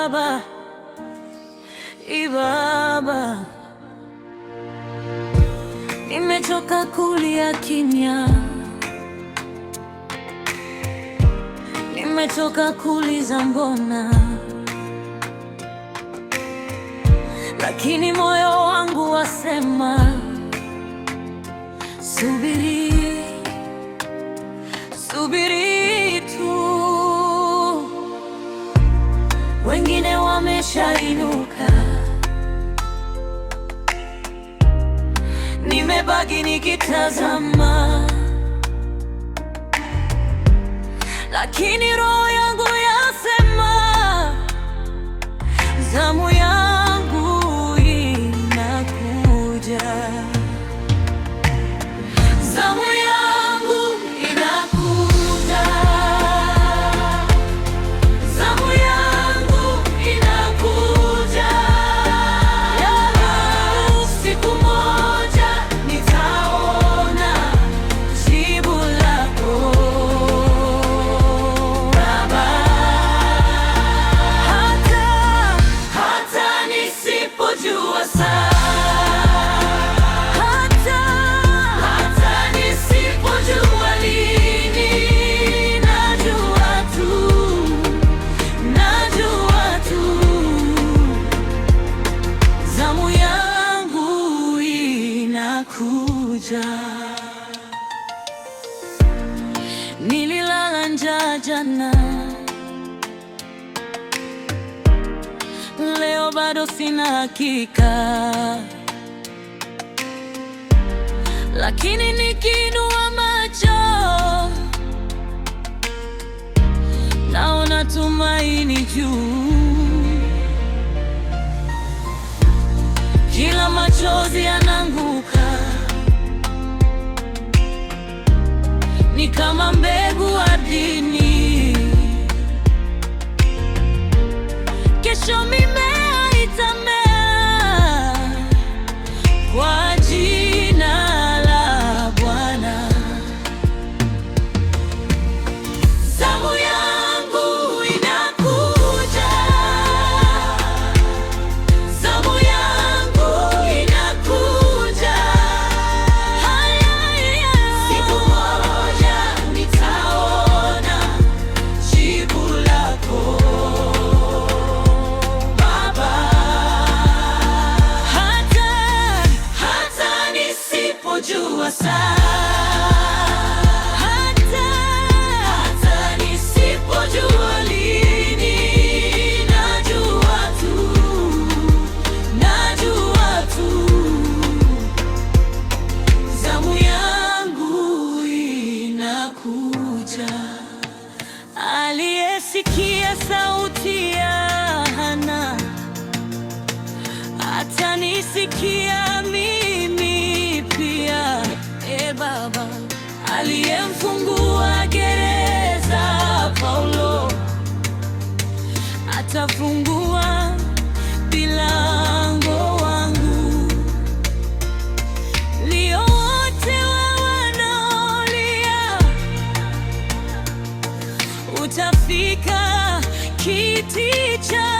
Baba, i Baba, nimechoka kulia kimya, nimechoka kuuliza mbona, lakini moyo wangu wasema subiri. wameshainuka, nimebaki nikitazama, lakini roho unakuja. Nililala njaa jana, leo bado sina hakika, lakini nikiinua macho naona tumaini juu Kila machozi yananguka. sauti ya Hana atanisikia mimi pia. E Baba aliyemfungua gereza Paulo atafungua bilango wangu lio wa wanaolia utafika Key teacher.